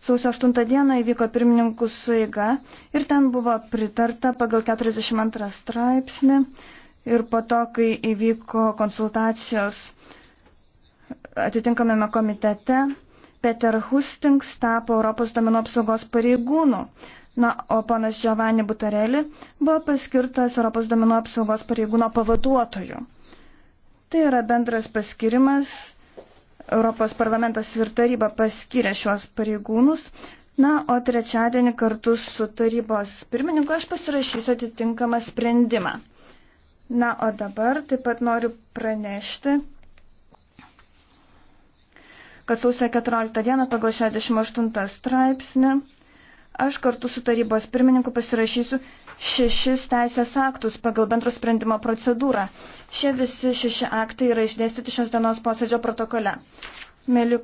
Sausio 8 dieną įvyko pirmininkų suiga ir ten buvo pritarta pagal 42 straipsnį ir po to, kai įvyko konsultacijos atitinkamame komitete, Peter Hustings tapo Europos domenų apsaugos pareigūnų. Na, o ponas Giovanni Butarelli buvo paskirtas Europos domenų apsaugos pareigūno pavaduotoju. Tai yra bendras paskirimas Europos parlamentas ir taryba paskyrė šios pareigūnus. Na, o trečiadienį kartu su tarybos pirmininku aš pasirašysiu atitinkamą sprendimą. Na, o dabar taip pat noriu pranešti, kad sausio 14 dieną pagal 68 straipsnį Aš kartu su tarybos pirmininku pasirašysiu šešis teisės aktus pagal bendro sprendimo procedūrą. Šie visi šeši aktai yra išdėstyti šios dienos posėdžio protokole. Mėly